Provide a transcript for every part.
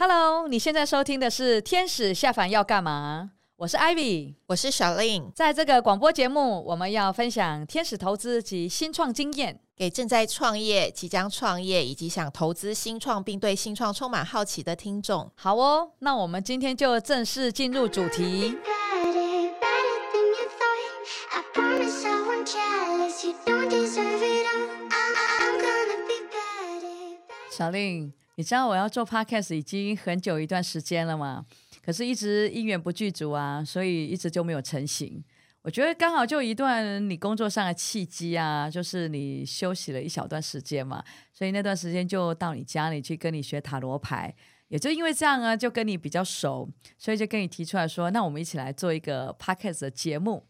Hello，你現在收聽的是《天使下凡要幹嘛》？我是 Ivy，我是小令。在這個廣播節目，我們要分享天使投資及新創經驗，給正在創業、即將創業以及想投資新創並對新創充滿好奇的聽眾。好哦，那我們今天就正式進入主題。小令，你知道我要做 Podcast 已經很久一段時間了嘛？可是，一直因緣不具足啊，所以一直就沒有成型。我覺得剛好就一段你工作上的契機啊，就是你休息了一小段時間嘛，所以那段時間就到你家裡去跟你學塔羅牌。也就因為這樣啊，就跟你比較熟，所以就跟你提出來說，那我們一起來做一個 Podcast 的節目。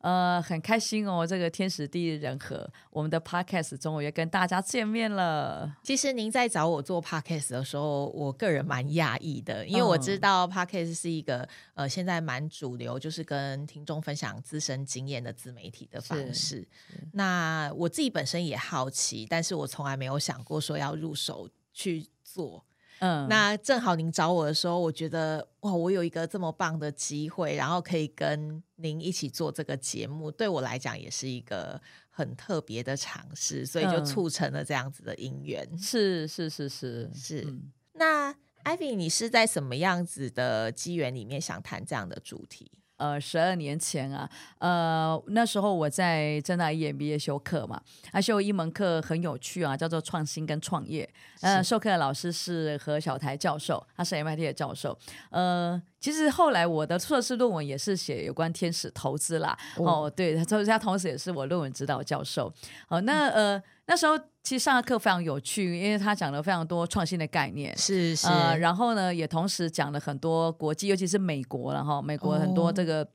呃，很開心哦，這個天時地利人和，我們的 podcast 終於要跟大家見面了。其實您在找我做 podcast 的時候，我個人蠻訝異的，因為我知道 podcast 是一個、嗯、呃，現在蠻主流，就是跟聽眾分享自身經驗的自媒體的方式。那我自己本身也好奇，但是我從來沒有想過說要入手去做。嗯，那正好您找我的時候，我覺得哇，我有一個這麼棒的機會，然後可以跟您一起做這個節目，對我來講也是一個很特別的嘗試，所以就促成了這樣子的姻緣、嗯。是是是是是。是是是是嗯、那艾比，你是在什麼樣子的機緣裡面想談這樣的主題？呃，十二年前啊，呃，那時候我在政大一眼畢業修課嘛，還修一門課很有趣啊，叫做創新跟創業。呃，授課的老師是何小台教授，他是 MIT 的教授。呃。其實後來我的碩士論文也是寫有關天使投資啦哦，哦，對，他同時也是我論文指導教授。好，那、嗯、呃那時候其實上的課非常有趣，因為他講了非常多創新的概念，是是，呃、然後呢也同時講了很多國際，尤其是美國了哈，然後美國很多這個。哦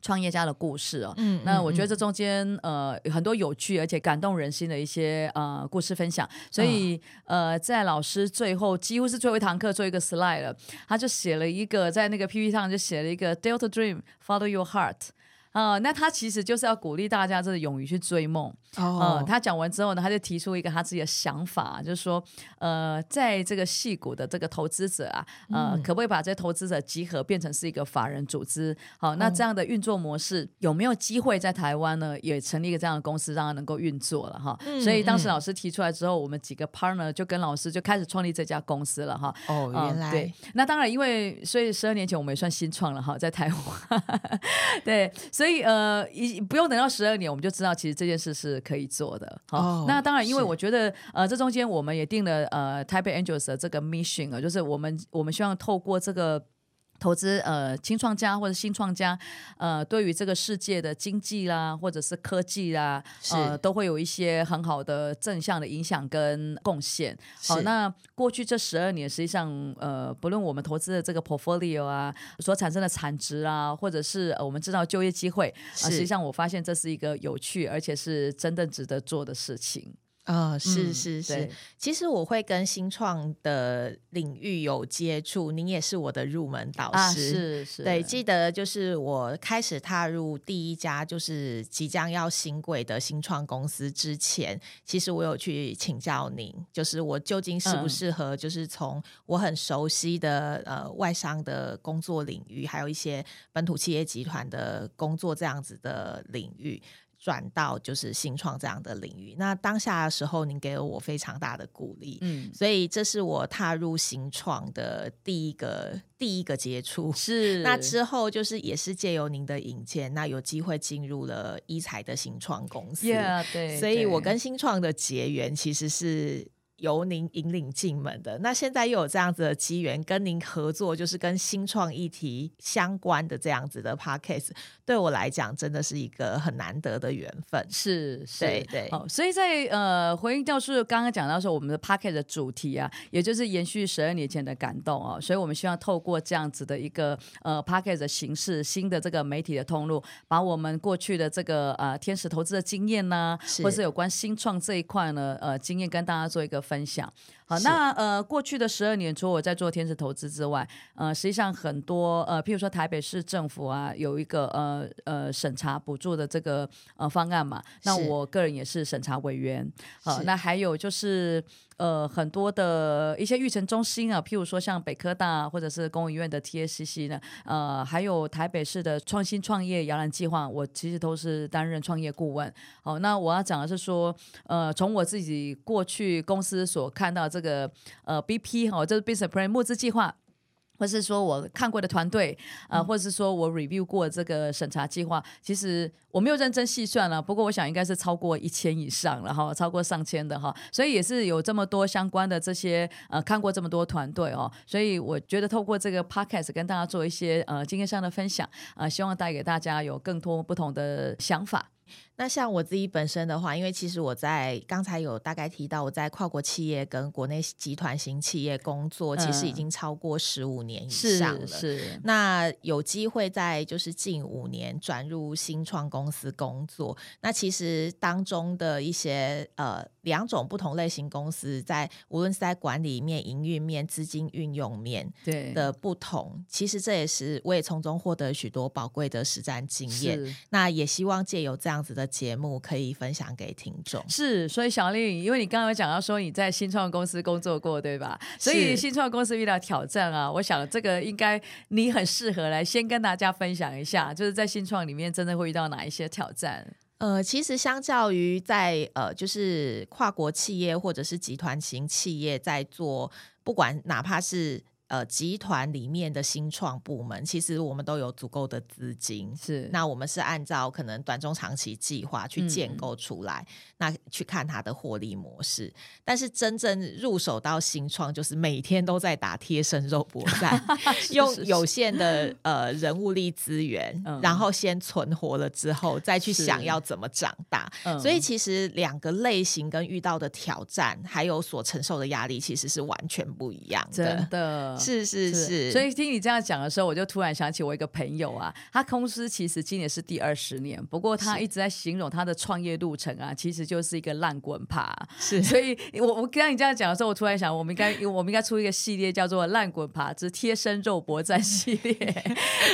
創業家的故事哦，嗯、那我覺得這中間、嗯、呃很多有趣而且感動人心的一些呃故事分享，所以、哦、呃在老師最後幾乎是最後一堂課做一個 slide 了，他就寫了一個在那個 PPT 上就寫了一個 “Delta Dream, Follow Your Heart”。呃，那他其實就是要鼓勵大家是勇於去追夢。哦、呃。他講完之後呢，他就提出一個他自己的想法，就是說，呃，在這個矽谷的這個投資者啊，呃、嗯，可不可以把這些投資者集合變成是一個法人組織？好、呃，那這樣的運作模式、哦、有沒有機會在台灣呢？也成立一個這樣的公司，讓他能夠運作了哈、呃嗯。所以當時老師提出來之後、嗯，我們幾個 partner 就跟老師就開始創立這家公司了哈、呃。哦，原來。呃、對。那當然，因為所以十二年前我們也算新創了哈、呃，在台灣。 對，所以。所以呃以，不用等到十二年，我們就知道其實這件事是可以做的。好，哦、那當然，因為我覺得呃，這中間我們也定了呃，Taipei Angels 的這個 mission 啊，就是我們我們希望透過這個。投資呃新創家或者新創家，呃對於這個世界的經濟啦或者是科技啦，呃都會有一些很好的正向的影響跟貢獻。好，那過去這十二年，實際上呃不論我們投資的這個 portfolio 啊所產生的產值啊，或者是、呃、我們知道就業機會、呃，實際上我發現這是一個有趣而且是真正值得做的事情。啊、哦，是是、嗯、是，其實我會跟新創的領域有接觸，您也是我的入門導師，啊、是是。對，記得就是我開始踏入第一家就是即將要興櫃的新創公司之前，其實我有去請教您，就是我究竟適不適合，就是從我很熟悉的、嗯、呃外商的工作領域，還有一些本土企業集團的工作這樣子的領域。轉到就是新創這樣的領域，那當下的時候，您給了我非常大的鼓勵，嗯，所以這是我踏入新創的第一個第一個接觸，是那之後就是也是借由您的引薦，那有機會進入了醫材的新創公司，Yeah, 對，所以我跟新創的結緣其實是。由您引領進門的，那現在又有這樣子的機緣跟您合作，就是跟新創議題相關的這樣子的 podcast 對我來講真的是一個很難得的緣分。是，是，對。對，好，所以在呃，回應教授剛剛講到說，我們的 podcast 的主題啊，也就是延續十二年前的感動哦、啊，所以我們希望透過這樣子的一個呃 podcast 的形式，新的這個媒體的通路，把我們過去的這個呃天使投資的經驗呢、啊，或是有關新創這一塊呢、呃，經驗跟大家做一個。分享。好，那呃，過去的十二年，除了我在做天使投資之外，呃，實際上很多呃，譬如說台北市政府啊，有一個呃呃審查補助的這個呃方案嘛，那我個人也是審查委員。好，呃，那還有就是呃，很多的一些育成中心啊，譬如說像北科大或者是工研院的 TACC 呢，呃，還有台北市的創新創業搖籃計劃，我其實都是擔任創業顧問。好，那我要講的是說，呃，從我自己過去公司所看到這個呃，BP 哈、哦，就是 Business Plan 募資計劃，或是說我看過的團隊，啊、呃，或者是說我 review 過這個審查計劃，其實我沒有認真細算了、啊，不過我想應該是超過一千以上了哈、哦，超過上千的哈、哦，所以也是有這麼多相關的這些呃，看過這麼多團隊哦，所以我覺得透過這個 Podcast 跟大家做一些呃經驗上的分享啊、呃，希望帶給大家有更多不同的想法。那像我自己本身的話，因為其實我在剛才有大概提到我在跨國企業跟國內集團型企業工作，其實已經超過十五年以上了。嗯，是，是。那有機會在就是近五年轉入新創公司工作，那其實當中的一些呃。兩種不同類型公司在，無論是在管理面、營運面、資金運用面，對的，不同。其實這也是我也從中獲得了許多寶貴的實戰經驗。那也希望借由這樣子的節目，可以分享給聽眾。是，所以小麗，因為你剛剛有講到說你在新創公司工作過，對吧？所以新創公司遇到挑戰啊，我想這個應該你很適合來先跟大家分享一下，就是在新創裡面真的會遇到哪一些挑戰。呃，其實相較於在呃，就是跨國企業或者是集團型企業在做，不管哪怕是。呃，集團裡面的新創部門，其實我們都有足夠的資金，是那我們是按照可能短中長期計劃去建構出來，嗯、那去看它的獲利模式。但是真正入手到新創，就是每天都在打貼身肉搏戰， 是是是是用有限的呃人物力資源、嗯，然後先存活了之後，再去想要怎麼長大、嗯。所以其實兩個類型跟遇到的挑戰，還有所承受的壓力，其實是完全不一樣的。真的。是，是是是，所以聽你這樣講的時候，我就突然想起我一個朋友啊，他公司其實今年是第二十年，不過他一直在形容他的創業路程啊，其實就是一個爛滾爬。是，所以我我跟你這樣講的時候，我突然想，我們應該我們應該出一個系列叫做《爛滾爬之貼身肉搏戰》系列，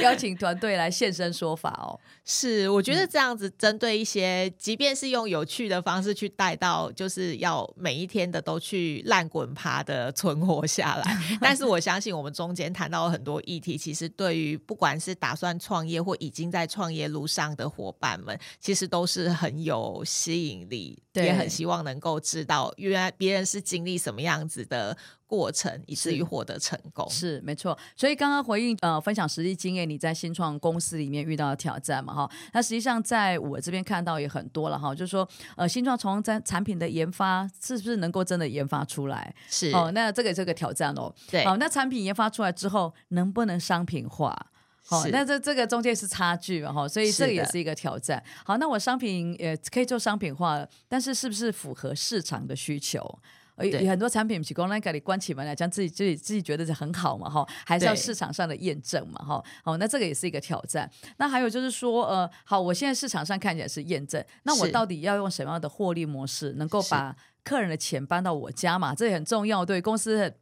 邀請團隊來現身說法哦。是，我覺得這樣子針對一些，即便是用有趣的方式去帶到，就是要每一天的都去爛滾爬的存活下來。但是我想。相信我們中間談到了很多議題，其實對於不管是打算創業或已經在創業路上的夥伴們，其實都是很有吸引力，對，也很希望能夠知道原來別人是經歷什麼樣子的。過程以至於獲得成功是，是沒錯，所以剛剛回應呃，分享實際經驗，你在新創公司裡面遇到的挑戰嘛哈、哦，那實際上在我這邊看到也很多了哈、哦，就是說呃，新創從產品的研發是不是能夠真的研發出來是哦，那這個這個挑戰對哦，好，那產品研發出來之後能不能商品化好、哦，那這這個中間是差距嘛哈、哦，所以這也是一個挑戰，好，那我商品呃，可以做商品化，但是是不是符合市場的需求？有很多產品，光在家裡關起門來講，自己自己自己覺得是很好嘛，哈，還是要市場上的驗證嘛，哈，哦，那這個也是一個挑戰。那還有就是說，呃，好，我現在市場上看起來是驗證，那我到底要用什麼樣的獲利模式，能夠把客人的錢搬到我家嘛？這也很重要，對公司很。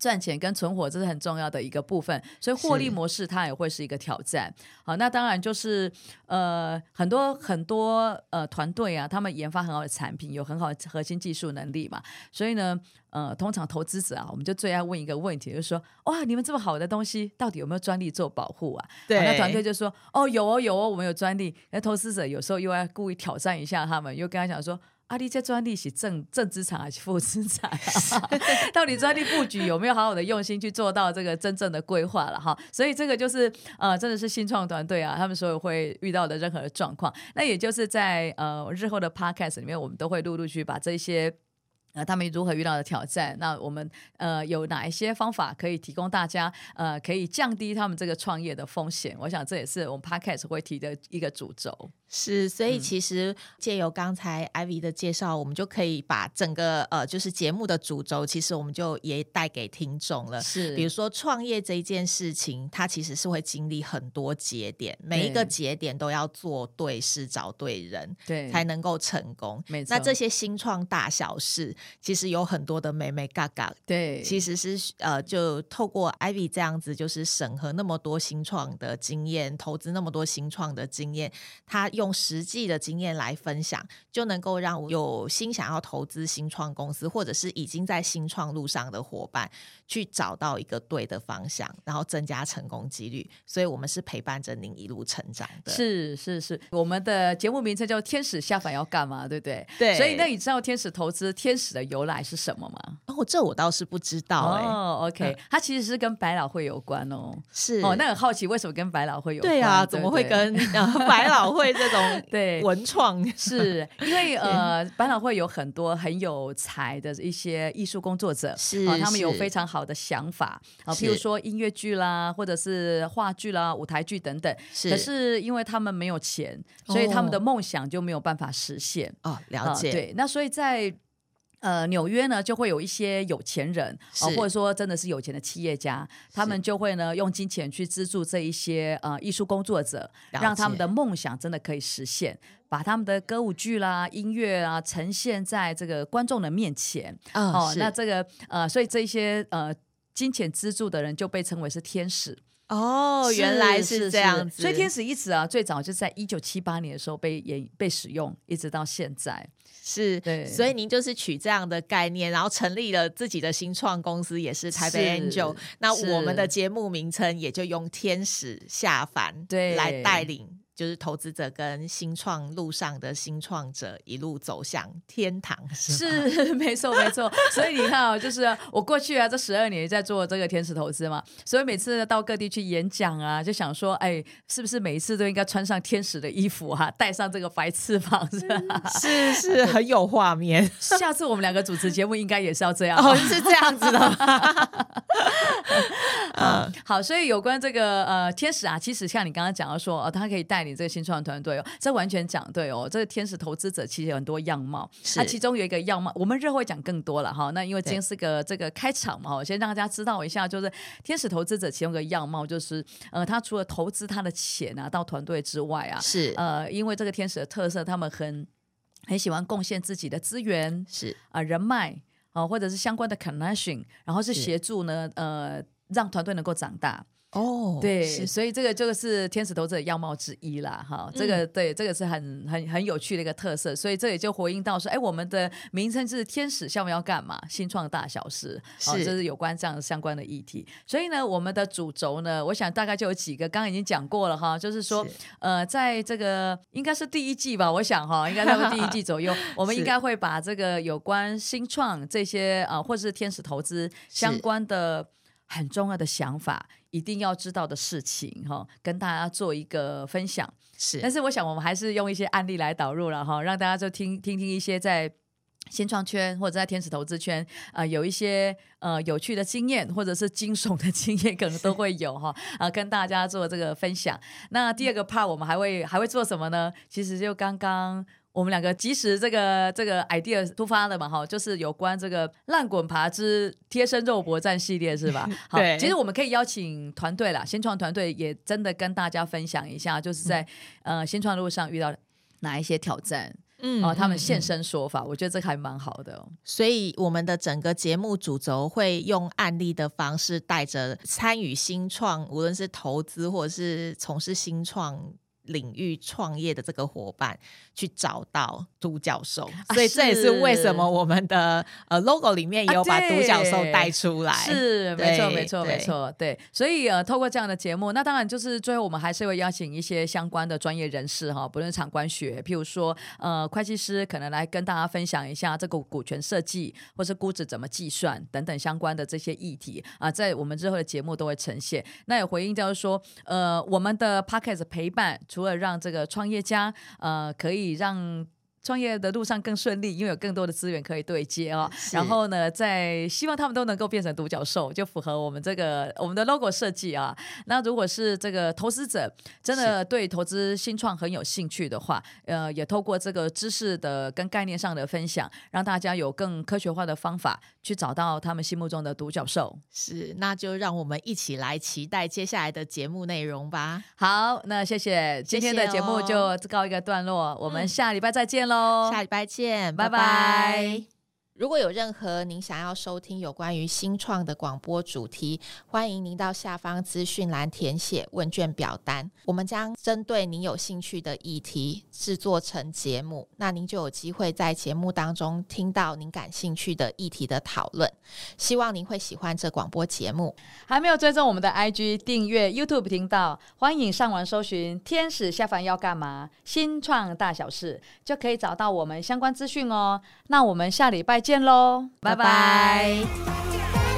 賺錢跟存活，這是很重要的一個部分，所以獲利模式它也會是一個挑戰。好，那當然就是呃很多很多呃團隊啊，他們研發很好的產品，有很好的核心技術能力嘛。所以呢，呃，通常投資者啊，我們就最愛問一個問題，就是說哇，你們這麼好的東西，到底有沒有專利做保護啊？對，那團隊就說哦有哦有哦，我們有專利。那投資者有時候又要故意挑戰一下他們，又跟他講說。阿、啊、里這專利是正、正資產還是負資產，啊？ 到底專利布局有沒有好好的用心去做到這個真正的規劃了哈？所以這個就是呃，真的是新創團隊啊，他們所有會遇到的任何狀況。那也就是在呃日後的 Podcast 裡面，我們都會陸陸續續把這些。呃，他們如何遇到的挑戰？那我們呃，有哪一些方法可以提供大家？呃，可以降低他們這個創業的風險？我想這也是我們 Podcast 會提的一個主軸。是，所以其實借由剛才 Ivy 的介紹、嗯，我們就可以把整個呃，就是節目的主軸，其實我們就也帶給聽眾了。是，比如說創業這一件事情，它其實是會經歷很多節點，每一個節點都要做對事、找對人，對，才能夠成功。沒錯。那這些新創大小事。其實有很多的眉眉角角，對，其實是呃，就透過 Ivy 這樣子，就是審核那麼多新創的經驗，投資那麼多新創的經驗，他用實際的經驗來分享，就能夠讓有心想要投資新創公司，或者是已經在新創路上的夥伴，去找到一個對的方向，然後增加成功幾率。所以，我們是陪伴着您一路成長的。是是是，我們的節目名稱叫《天使下凡要幹嘛》，對不對？ 對。所以，那你知道天使投資，天使。的由來是什麼嗎？哦，這我倒是不知道哎、欸。哦，OK，它、嗯、其實是跟百老匯有關哦。是哦，那很好奇為什麼跟百老匯有關？對啊，對對怎麼會跟百 老匯這種對文創？是因為呃，百老匯有很多很有才的一些藝術工作者，是啊、呃，他們有非常好的想法啊、呃，譬如說音樂劇啦，或者是話劇啦、舞台劇等等。是可是因為他們沒有錢、哦，所以他們的夢想就沒有辦法實現啊、哦。了解、呃，對，那所以在。呃，紐約呢就會有一些有錢人，或者說真的是有錢的企業家，他們就會呢用金錢去資助這一些呃藝術工作者，讓他們的夢想真的可以實現，把他們的歌舞劇啦、音樂啊呈現在這個觀眾的面前。哦，呃、那這個呃，所以這一些呃金錢資助的人就被稱為是天使。哦，原來是這樣子，所以天使一直啊，最早就在一九七八年的時候被也被使用，一直到現在，是，對，所以您就是取這樣的概念，然後成立了自己的新創公司，也是台北 Angel，那我們的節目名稱也就用天使下凡對來帶領。就是投資者跟新創路上的新創者一路走向天堂，是，是沒錯沒錯。 所以你看啊，就是我過去啊這十二年在做這個天使投資嘛，所以每次到各地去演講啊，就想說，哎、欸，是不是每一次都應該穿上天使的衣服哈、啊，戴上這個白翅膀？是是，是很有畫面。下次我們兩個主持節目應該也是要這樣， 哦、是這樣子的嗎、？ 嗯嗯。好，所以有關這個呃天使啊，其實像你剛剛講到說，哦，他可以帶。你這個新創團隊哦，這完全講對哦。這個天使投資者其實有很多樣貌，是。那其中有一個樣貌，我們日後會講更多了哈。那因為今天是個這個開場嘛，我先讓大家知道一下，就是天使投資者其中一個樣貌，就是呃，他除了投資他的錢拿、啊、到團隊之外啊，是。呃，因為這個天使的特色，他們很很喜歡貢獻自己的資源，是啊、呃、人脈啊、呃，或者是相關的 connection，然後是協助呢呃，讓團隊能夠長大。哦、oh，對，所以這個就是天使投資的樣貌之一啦，哈，這個、嗯、對，這個是很很很有趣的一個特色，所以這也就回應到說，哎，我們的名稱是天使下凡要幹嘛？新創大小事，好，這、哦就是有關這樣相關的議題，所以呢，我們的主軸呢，我想大概就有幾個，剛剛已經講過了哈，就是說，是呃，在這個應該是第一季吧，我想哈，應該在第一季左右， 我們應該會把這個有關新創這些啊、呃，或者是天使投資相關的很重要的想法。一定要知道的事情，哈，跟大家做一個分享，是。但是我想，我們還是用一些案例來導入了，哈，讓大家就聽聽聽一些在新創圈或者在天使投資圈，啊、呃，有一些呃有趣的經驗或者是驚悚的經驗，可能都會有，哈，啊，跟大家做這個分享。那第二個 part 我們還會還會做什麼呢？其實就剛剛。我們兩個，即使這個這個 idea 突發了嘛，哈，就是有關這個《爛滾爬之貼身肉搏戰》系列是吧？好，其實我們可以邀請團隊啦，新創團隊也真的跟大家分享一下，就是在、嗯、呃新創路上遇到哪一些挑戰，嗯，哦，他們現身說法，嗯、我覺得這個還蠻好的、哦。所以我們的整個節目主軸會用案例的方式，帶着參與新創，無論是投資或者是從事新創。領域創業的這個夥伴去找到獨角獸，所以這也是為什麼我們的、啊、呃 logo 裡面也有把獨角獸帶出來。啊、是，沒錯，沒錯，沒錯，對。所以呃，透過這樣的節目，那當然就是最後我們還是會邀請一些相關的專業人士哈、哦，不論產官學，譬如說呃會計師可能來跟大家分享一下這個股權設計或是估值怎麼計算等等相關的這些議題啊、呃，在我們之後的節目都會呈現。那有回應就是說，呃，我們的 Podcast 陪伴。除了讓這個創業家，呃，可以讓。創業的路上更順利，因為有更多的資源可以對接哦。然後呢，再希望他們都能夠變成獨角獸，就符合我們這個我們的 logo 設計啊。那如果是這個投資者真的對投資新創很有興趣的話，呃，也透過這個知識的跟概念上的分享，讓大家有更科學化的方法去找到他們心目中的獨角獸。是，那就讓我們一起來期待接下來的節目內容吧。好，那謝謝今天的節目就告一個段落，謝謝哦，我們下禮拜再見嘍。嗯下禮拜見，拜拜。拜拜。如果有任何您想要收聽有關於新創的廣播主題，歡迎您到下方資訊欄填寫問卷表單，我們將針對您有興趣的議題製作成節目，那您就有機會在節目當中聽到您感興趣的議題的討論。希望您會喜歡這廣播節目。還沒有追蹤我們的 IG，訂閱 YouTube 頻道，歡迎上網搜尋“天使下凡要幹嘛”，新創大小事就可以找到我們相關資訊哦。那我們下禮拜見嘍，拜拜。